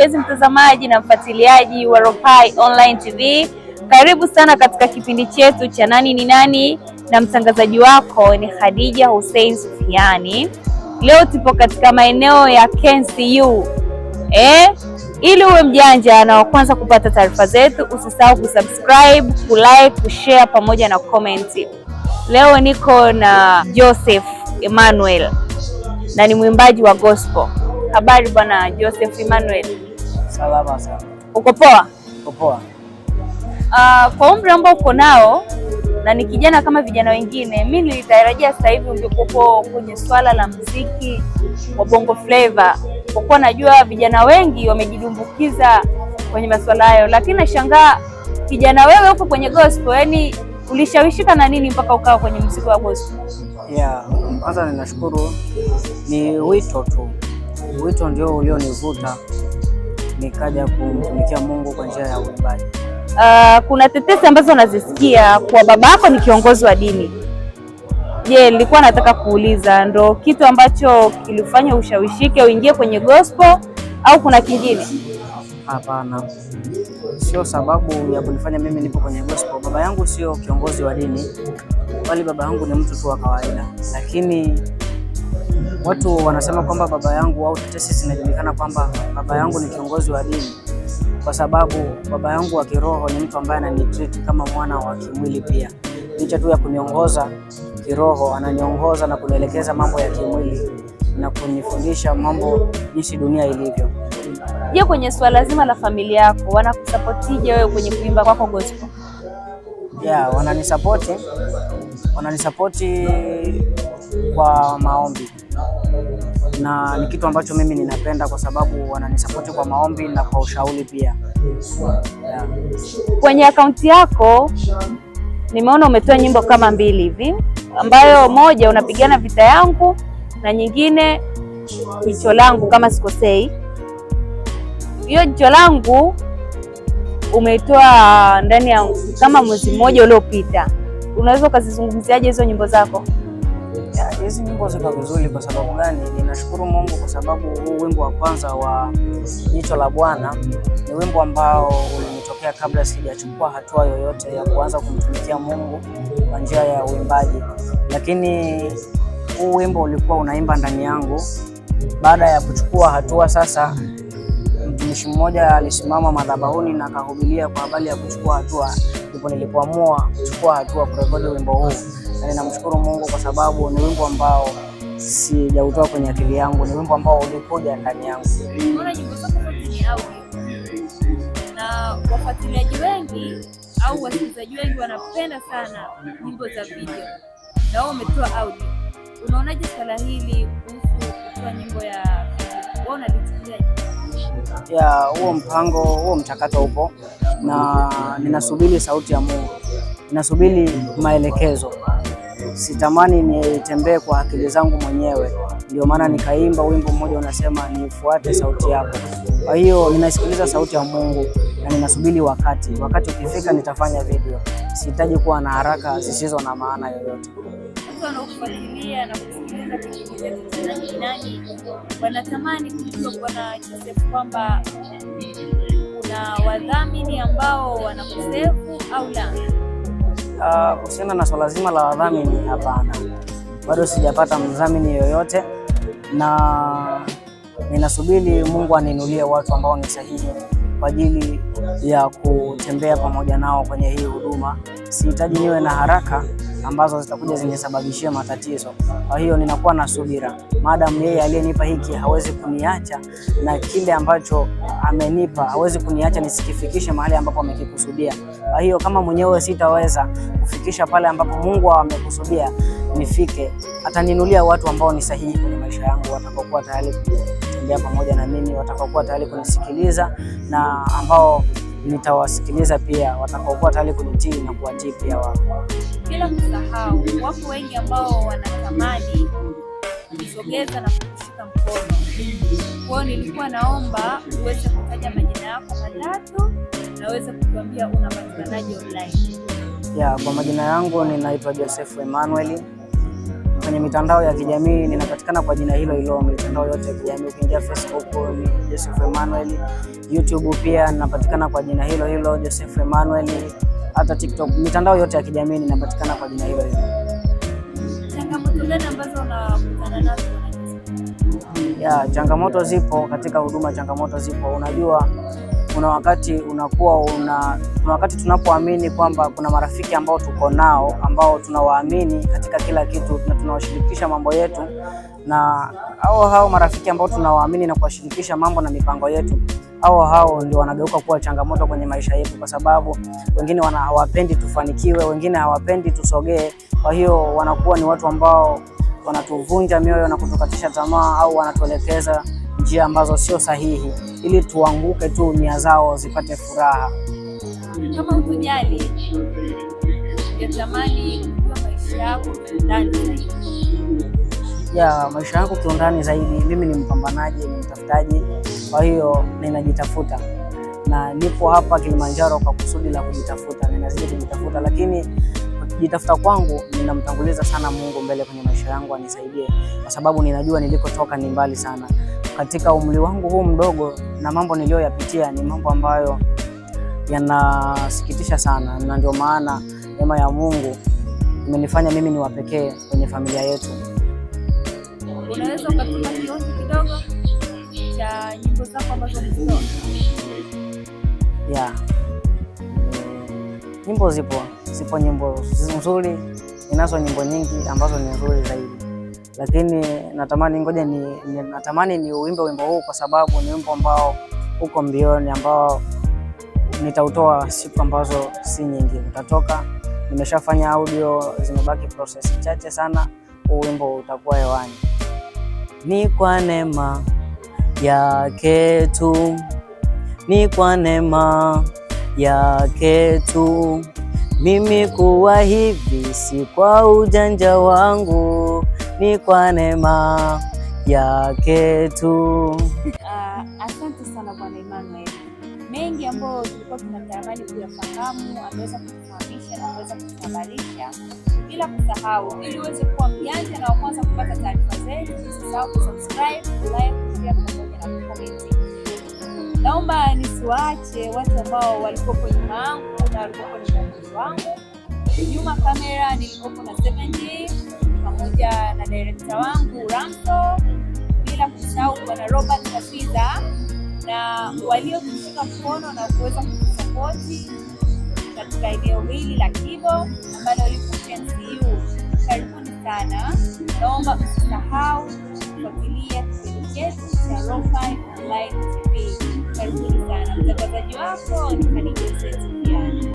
Mpenzi mtazamaji na mfuatiliaji wa Ropai Online TV, karibu sana katika kipindi chetu cha nani ni nani, na mtangazaji wako ni Khadija Hussein Sufiani. Leo tupo katika maeneo ya KNCU eh? Ili uwe mjanja na wa kwanza kupata taarifa zetu, usisahau kusubscribe, kulike, kushare pamoja na comment. Leo niko na Joseph Emmanuel na ni mwimbaji wa gospel. Habari bwana Joseph Emmanuel. Salama sana. Uko poa? Uko poa. Uh, kwa umri ambao uko nao na ni kijana kama vijana wengine, mi nilitarajia sasa hivi ungekuwa kwenye swala la mziki wa Bongo Flava, kwa kuwa najua vijana wengi wamejidumbukiza kwenye masuala hayo, lakini nashangaa kijana wewe uko kwenye gospel, yani ulishawishika na nini mpaka ukawa kwenye mziki wa gospel? Yeah, kwanza ninashukuru, ni wito tu, wito ndio ulionivuta nikaja kumtumikia Mungu kwa njia ya uimbaji. Uh, kuna tetesi ambazo nazisikia kwa baba yako ni kiongozi wa dini. Je, nilikuwa nataka kuuliza ndo kitu ambacho kilifanya ushawishike uingie kwenye gospel au kuna kingine? Hapana, sio sababu ya kunifanya mimi nipo kwenye gospel. Baba yangu sio kiongozi wa dini, bali baba yangu ni mtu tu wa kawaida, lakini Watu wanasema kwamba baba yangu au tetesi zinajulikana kwamba baba yangu ni kiongozi wa dini, kwa sababu baba yangu wa kiroho ni mtu ambaye ananitreat kama mwana wa kimwili pia. Licha tu ya kuniongoza kiroho, ananiongoza na kunielekeza mambo ya kimwili na kunifundisha mambo jinsi dunia ilivyo. Je, kwenye swala zima la familia yako wanakusapotije wewe kwenye kuimba kwako gospel? Yeah, wananisapoti, wananisapoti kwa maombi na ni kitu ambacho mimi ninapenda kwa sababu wananisapoti kwa maombi na kwa ushauri pia. Yeah. Kwenye akaunti yako nimeona umetoa nyimbo kama mbili hivi, ambayo moja unapigana vita yangu na nyingine jicho langu, kama sikosei. Hiyo jicho langu umeitoa ndani ya kama mwezi mmoja uliopita, unaweza ukazizungumziaje hizo nyimbo zako? hizi nyimbo ziko vizuri. Kwa sababu gani? Ninashukuru Mungu kwa sababu huu wimbo wa kwanza wa Jicho la Bwana ni wimbo ambao ulinitokea kabla sijachukua hatua yoyote ya kuanza kumtumikia Mungu kwa njia ya uimbaji, lakini huu wimbo ulikuwa unaimba ndani yangu. Baada ya kuchukua hatua sasa mtumishi mmoja alisimama madhabahuni na akahubiria kwa habari ya kuchukua hatua, ndipo nilipoamua kuchukua hatua kurekodi wimbo huu. E, namshukuru Mungu kwa sababu ni wimbo ambao sijautoa kwenye akili yangu, ni wimbo ambao ulikuja ndani yangu. Na wafuatiliaji wengi au wasikilizaji wengi wanapenda sana nyimbo za video, na wao umetoa audio. Unaonaje swala hili kuhusu kutoa nyimbo ya video, unalichukuliaje? ya huo mpango huo mchakato upo, na ninasubiri sauti ya Mungu, ninasubiri maelekezo sitamani nitembee kwa akili zangu mwenyewe, ndio maana nikaimba wimbo mmoja unasema, nifuate sauti yako. Kwa hiyo ninaisikiliza sauti ya Mungu na ninasubiri wakati, wakati ukifika nitafanya video. Sihitaji kuwa na haraka zisizo na maana yoyote. Wadhamini ambao wanakusefu au la? Uh, kuhusiana na swala zima la wadhamini, hapana, bado sijapata mdhamini yoyote, na ninasubiri Mungu aninulie watu ambao ni sahihi kwa ajili ya kutembea pamoja nao kwenye hii huduma. Sihitaji niwe na haraka ambazo zitakuja zinisababishia matatizo. Kwa hiyo ninakuwa na subira, madam yeye aliyenipa hiki hawezi kuniacha na kile ambacho amenipa hawezi kuniacha nisikifikishe mahali ambapo amekikusudia. Kwa hiyo kama mwenyewe sitaweza kufikisha pale ambapo Mungu amekusudia nifike, ataninulia watu ambao ni sahihi kwenye maisha yangu, watakokuwa tayari kutembea pamoja na mimi, watakokuwa tayari kunisikiliza na ambao nitawasikiliza pia watakaokuwa tayari kunitii na kuwatii pia wao. Bila kusahau, wapo wengi ambao wanatamani kujisogeza na kukushika mkono. Kwa hiyo nilikuwa naomba uweze kutaja majina yako matatu na uweze kutuambia unapatikanaje online. Ya, kwa majina yangu ninaitwa Joseph Emmanuel kwenye mitandao ya kijamii ninapatikana kwa jina hilo hilo, mitandao yote ya kijamii ukiingia Facebook ni Joseph Emmanuel, YouTube pia ninapatikana kwa jina hilo hilo Joseph Emmanuel, hata TikTok, mitandao yote ya kijamii ninapatikana kwa jina hilo hilo. Ya, changamoto zipo katika huduma, changamoto zipo, unajua kuna wakati unakuwa una, kuna wakati tunapoamini kwamba kuna marafiki ambao tuko nao ambao tunawaamini katika kila kitu na tunawashirikisha mambo yetu, na hao hao marafiki ambao tunawaamini na kuwashirikisha mambo na mipango yetu, hao hao ndio wanageuka kuwa changamoto kwenye maisha yetu, kwa sababu wengine hawapendi tufanikiwe, wengine hawapendi tusogee. Kwa hiyo wanakuwa ni watu ambao wanatuvunja mioyo na kutukatisha tamaa au wanatuelekeza njia ambazo sio sahihi, ili tuanguke tu nia zao zipate furaha. Kama utojali yatamani maisha yako kiundani zaidi ya maisha yako kiundani zaidi. Mimi ni mpambanaji, ni mtafutaji, kwa hiyo ninajitafuta na nipo hapa Kilimanjaro kwa kusudi la kujitafuta. Ninazidi kujitafuta, lakini kujitafuta kwangu ninamtanguliza sana Mungu mbele kwenye maisha yangu, anisaidie kwa sababu ninajua nilikotoka ni mbali sana katika umri wangu huu mdogo na mambo niliyoyapitia ni mambo ambayo yanasikitisha sana, na ndio maana neema ya Mungu imenifanya mimi ni wa pekee kwenye familia yetu. Unaweza kidogo cha nyimbo zako ambazo ulizitoa? Yeah. Nyimbo zipo, zipo nyimbo nzuri, ninazo nyimbo nyingi ambazo ni nzuri zaidi lakini natamani ngoja ni, ni, natamani ni uimbe wimbo huu kwa sababu ni wimbo ambao uko mbioni, ambao nitautoa siku ambazo si nyingi utatoka. Nimeshafanya audio, zimebaki process chache sana, huu wimbo utakuwa hewani. Ni kwa neema yake tu, ni kwa neema yake tu, mimi kuwa hivi si kwa ujanja wangu ni kwa neema yake tu. Uh, asante sana Bwana Emmanuel. Mengi ambayo tulikuwa tunatamani kuyafahamu ameweza kutufahamisha na ameweza kutuhabarisha, bila kusahau, ili uweze kuwa mjanja na wa kwanza kupata taarifa zetu, usisahau kusubscribe, like, kushare pamoja na kukomenti. Naomba nisiwaache watu ambao walikuwa kwenye maangu na walikuwa kwenye wangu nyuma kamera, nilikuwa na 7G pamoja na direkta wangu Ramso, bila kusahau bwana Robert Kapiza na waliokushika mkono na kuweza kutusapoti katika eneo hili la Kibo ambalo lipo KMCU. Karibuni sana, naomba msisahau kufuatilia kipindi chetu cha Ropai Online TV. Karibuni sana, mtangazaji wako ni Khadija